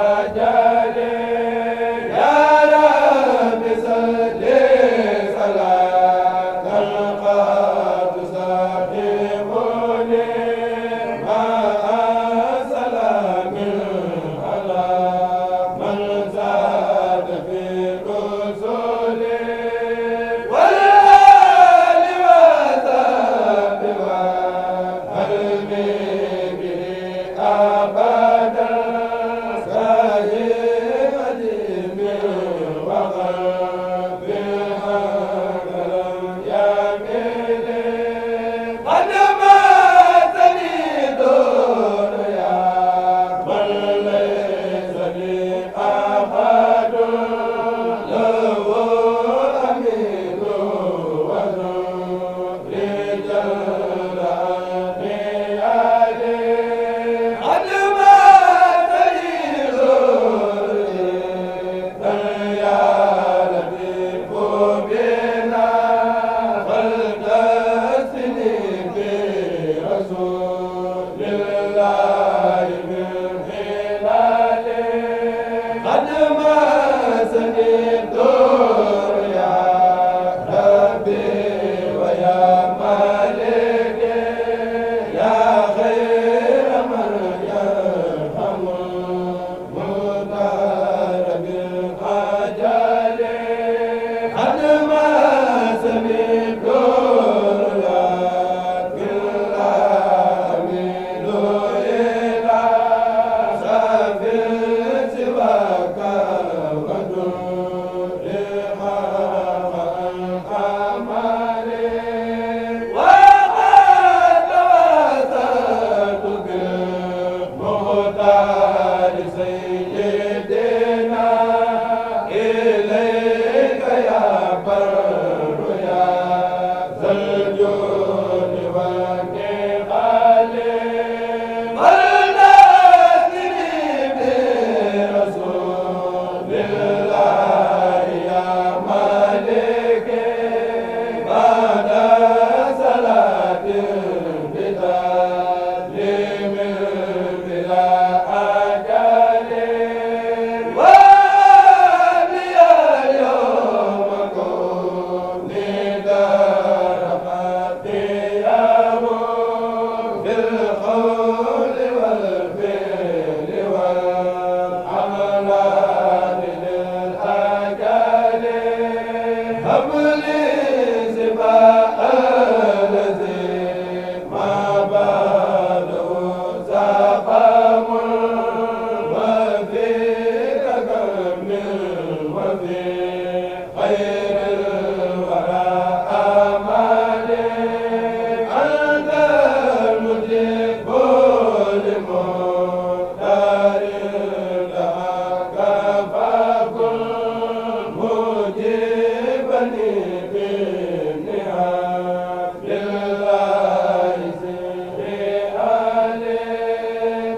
Amen Amen. Amen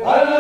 Allah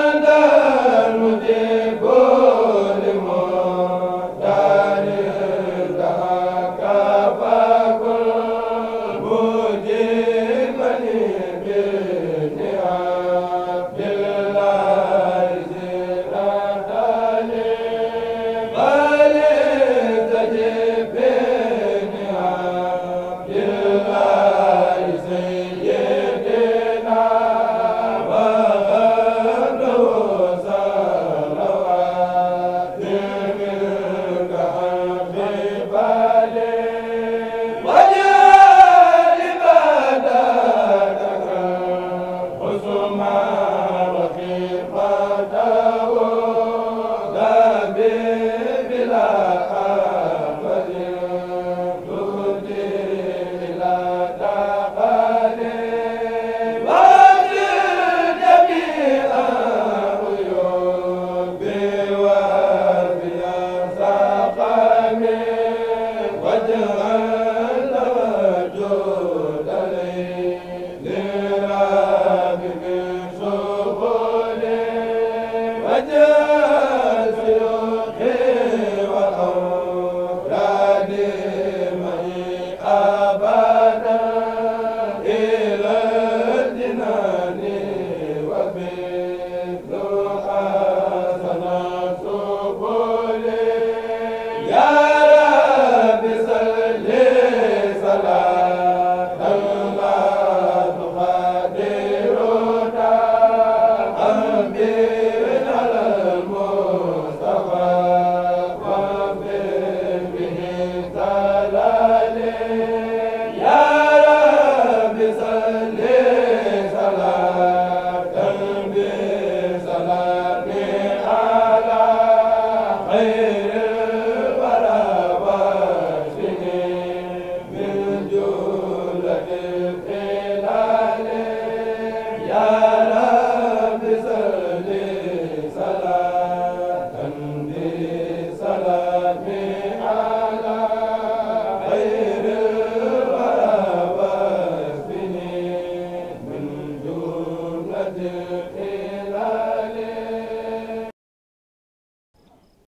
wajal